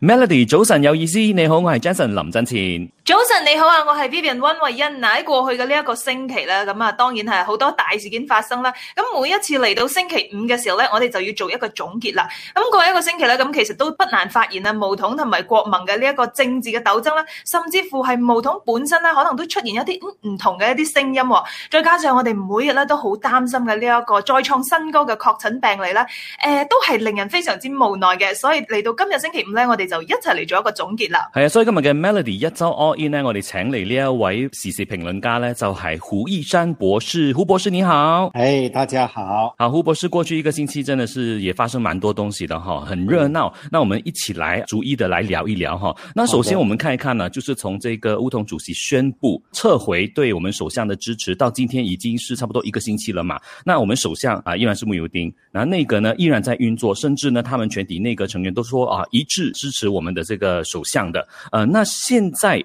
Melody，早晨有意思，你好，我係 Jason 林振前。早晨你好啊，我係 Vivian 溫慧欣啊！喺過去嘅呢一個星期啦，咁啊，當然係好多大事件發生啦。咁每一次嚟到星期五嘅時候咧，我哋就要做一個總結啦。咁過去一個星期咧，咁其實都不難發現啊，巫統同埋國盟嘅呢一個政治嘅鬥爭啦，甚至乎係巫統本身咧，可能都出現一啲唔、嗯、同嘅一啲聲音。再加上我哋每日咧都好擔心嘅呢一個再創新高嘅確診病例啦，誒、呃，都係令人非常之無奈嘅。所以嚟到今日星期五咧，我哋就一齊嚟做一個總結啦。係啊，所以今日嘅 Melody 一周 All In。呢、嗯、我哋請嚟呢位時事評論家呢就係胡逸山博士，胡博士你好，誒、hey, 大家好，好，胡博士過去一個星期真的是也發生蠻多東西的哈，很熱鬧，嗯、那我們一起來逐一的來聊一聊哈，那首先我們看一看呢，就是從這個巫統主席宣布撤回對我們首相的支持，到今天已經是差不多一個星期了嘛，那我們首相啊、呃、依然是慕尤丁，然後內閣呢依然在運作，甚至呢他們全體內閣成員都說啊、呃、一致支持我們的這個首相的。呃那現在。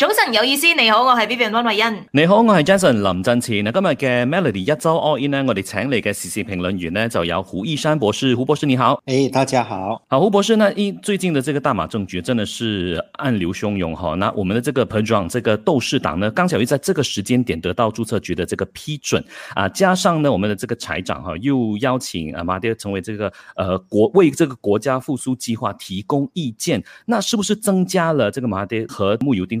早晨有意思，你好，我係 B B 溫慧恩。你好，我係 Jason 林振奇。今日嘅 Melody 一周 all in 呢，我哋請嚟嘅時事評論員呢，就由胡逸山博士，胡博士你好。誒，hey, 大家好。好，胡博士，呢，一最近的這個大馬政局真的是暗流洶湧哈。那我們的這個 Pejuang 這個鬥士黨呢，剛巧於在這個時間點得到注冊局的這個批准啊，加上呢，我們的這個財長哈，又邀請阿馬爹成為這個呃國為這個國家復蘇計劃提供意見，那是不是增加了這個馬爹和慕尤丁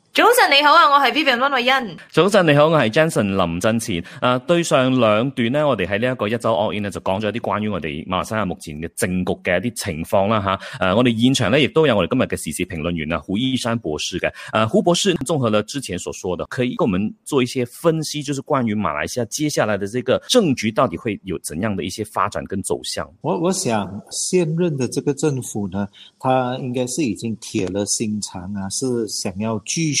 早晨你好啊，我係 Vivian 溫麗欣。早晨你好，我係 Jenson 林振前。誒、啊，對上兩段呢，我哋喺呢一個一周 All In 呢，就講咗啲關於我哋馬來西亞目前嘅政局嘅一啲情況啦吓。誒、啊，我哋現場呢，亦都有我哋今日嘅時事評論員啊胡逸山博士嘅。誒、啊，胡博士綜合咗之前所說的，可以跟我們做一些分析，就是關於馬來西亞接下來的這個政局到底會有怎樣的一些發展跟走向。我我想現任的這個政府呢，他應該是已經鐵了心腸啊，是想要繼續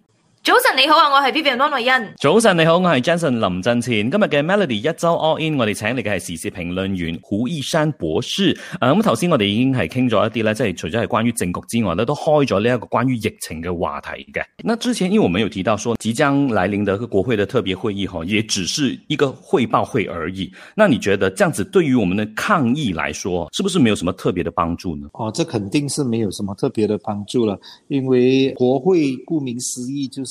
早晨你好啊，我係 Vivian 安麗欣。嗯、早晨你好，我係 Jensen 林振前。今日嘅 Melody 一周 All In，我哋請嚟嘅係時事評論員胡逸山博士。誒、啊，咁頭先我哋已經係傾咗一啲咧，即係除咗係關於政局之外咧，都開咗呢一個關於疫情嘅話題嘅。那之前，因為我們有提到說，即將來臨嘅國會的特別會議，哈，也只是一個匯報會而已。那你覺得，這樣子對於我們的抗疫來說，是不是沒有什麼特別的幫助呢？哦，這肯定是沒有什麼特別的幫助了，因為國會顧名思義就是。